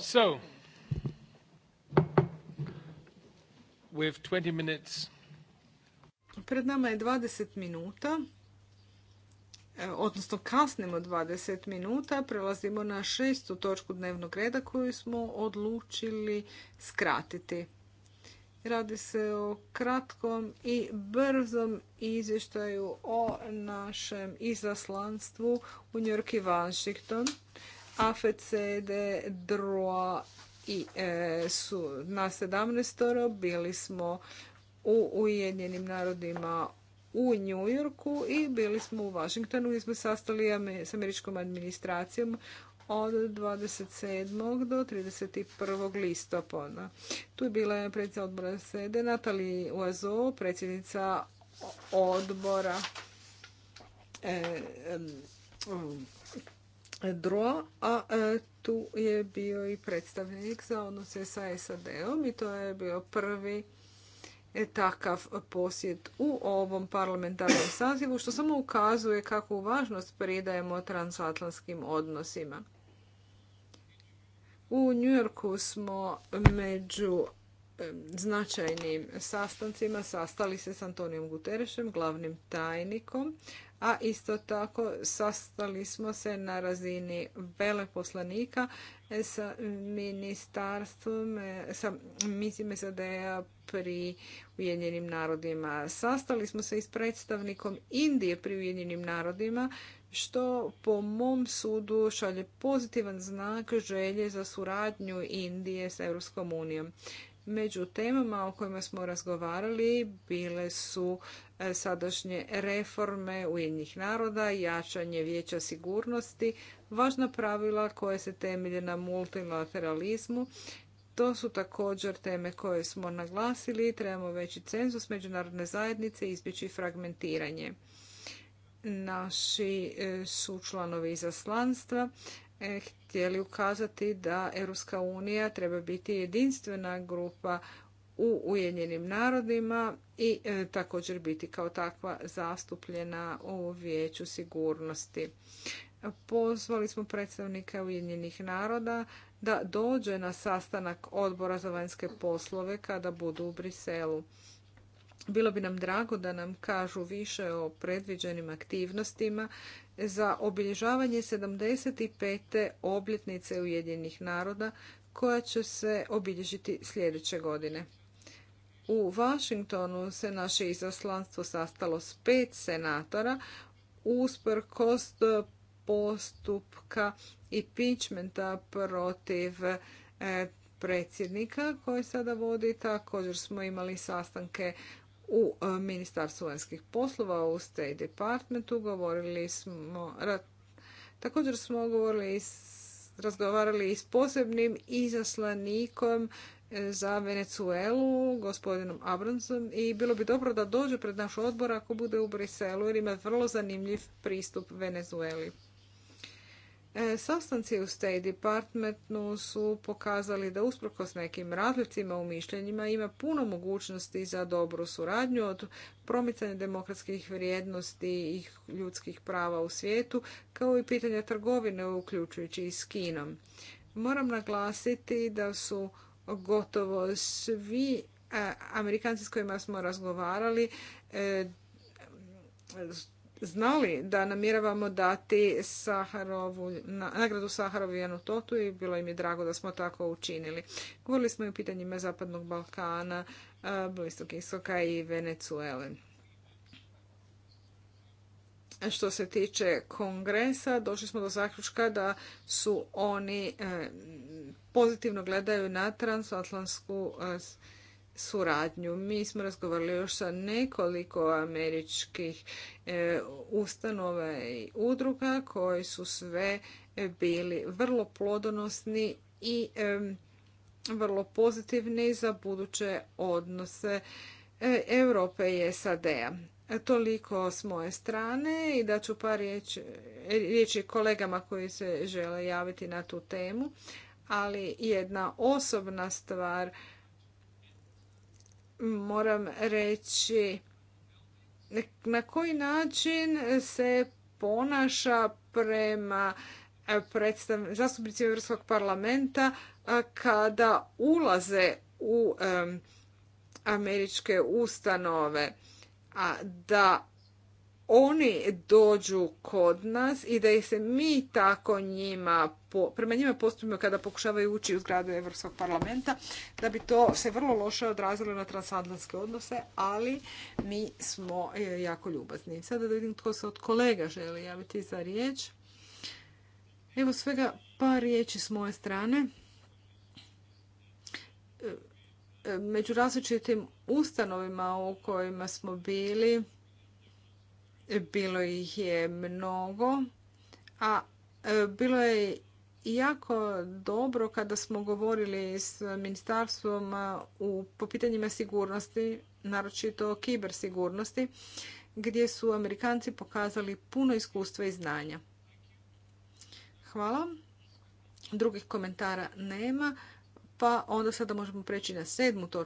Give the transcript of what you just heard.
So, 20 minutes. Pred nama je 20 minuta, e, odnosno kasnimo 20 minuta, prelazimo na šestu točku dnevnog reda koju smo odlučili skratiti. Radi se o kratkom i brzom izvještaju o našem izaslanstvu u njorki i Washington AFCD, DROA i e, su na sedamnestoro. bili smo u Ujedinjenim narodima u New Yorku i bili smo u Washingtonu gdje smo sastali s američkom administracijom od 27. do 31. listopada. Tu je bila predsjednica odbora sede Natali Uazo, predsjednica odbora e, DROA, a e, tu je bio i predstavnik za odnose sa SAD-om i to je bio prvi e, takav posjet u ovom parlamentarnom sazivu, što samo ukazuje kakvu važnost pridajemo transatlantskim odnosima. U Njujorku smo među značajnim sastancima sastali se s Antonijom Guterešem, glavnim tajnikom, a isto tako sastali smo se na razini veleposlanika sa ministarstvom, e, sa mislim SAD-a pri Ujedinjenim narodima. Sastali smo se i s predstavnikom Indije pri Ujedinjenim narodima, što po mom sudu šalje pozitivan znak želje za suradnju Indije s Europskom unijom. Među temama o kojima smo razgovarali bile su e, sadašnje reforme Ujedinjenih naroda, jačanje vijeća sigurnosti, važna pravila koje se temelje na multilateralizmu. To su također teme koje smo naglasili. Trebamo veći cenzus međunarodne zajednice i izbjeći fragmentiranje. Naši e, su članovi izaslanstva E, htjeli ukazati da Europska unija treba biti jedinstvena grupa u Ujedinjenim narodima i e, također biti kao takva zastupljena u Vijeću sigurnosti. Pozvali smo predstavnika Ujedinjenih naroda da dođe na sastanak odbora za vanjske poslove kada budu u Briselu. Bilo bi nam drago da nam kažu više o predviđenim aktivnostima za obilježavanje 75. obljetnice Ujedinjenih naroda koja će se obilježiti sljedeće godine. U Washingtonu se naše izaslanstvo sastalo s pet senatora usprkos postupka i protiv eh, predsjednika koji sada vodi. Također smo imali sastanke u e, Ministarstvu vanjskih poslova, u State Departmentu. Govorili smo, također smo govorili, razgovarali i s posebnim izaslanikom e, za Venecuelu, gospodinom Abramsom i bilo bi dobro da dođe pred naš odbor ako bude u Briselu jer ima vrlo zanimljiv pristup Venezueli. E, sastanci u State Departmentu su pokazali da usprkos nekim razlicima u mišljenjima ima puno mogućnosti za dobru suradnju od promicanja demokratskih vrijednosti i ljudskih prava u svijetu kao i pitanja trgovine uključujući i s Kinom. Moram naglasiti da su gotovo svi e, Amerikanci s kojima smo razgovarali e, znali da namjeravamo dati Saharovu, nagradu Saharovu i totu i bilo im je drago da smo tako učinili. Govorili smo i o pitanjima Zapadnog Balkana, e, Blistog Istoka i Venecuele. Što se tiče kongresa, došli smo do zaključka da su oni e, pozitivno gledaju na transatlantsku e, suradnju. Mi smo razgovarali još sa nekoliko američkih e, ustanova i udruga koji su sve e, bili vrlo plodonosni i e, vrlo pozitivni za buduće odnose Europe i SAD-a. Toliko s moje strane i da ću par riječi, riječi kolegama koji se žele javiti na tu temu, ali jedna osobna stvar moram reći na koji način se ponaša prema e, zastupnici Europskog parlamenta e, kada ulaze u američke ustanove, a da oni dođu kod nas i da se mi tako njima, prema njima postupimo kada pokušavaju ući u zgradu Europskog parlamenta, da bi to se vrlo loše odrazilo na transatlantske odnose, ali mi smo e, jako ljubazni. Sada da vidim tko se od kolega želi javiti za riječ. Evo svega par riječi s moje strane. E, e, među različitim ustanovima u kojima smo bili, bilo ih je mnogo, a e, bilo je jako dobro kada smo govorili s ministarstvom e, u, po pitanjima sigurnosti, naročito kibersigurnosti, gdje su Amerikanci pokazali puno iskustva i znanja. Hvala. Drugih komentara nema, pa onda sada možemo preći na sedmu točku.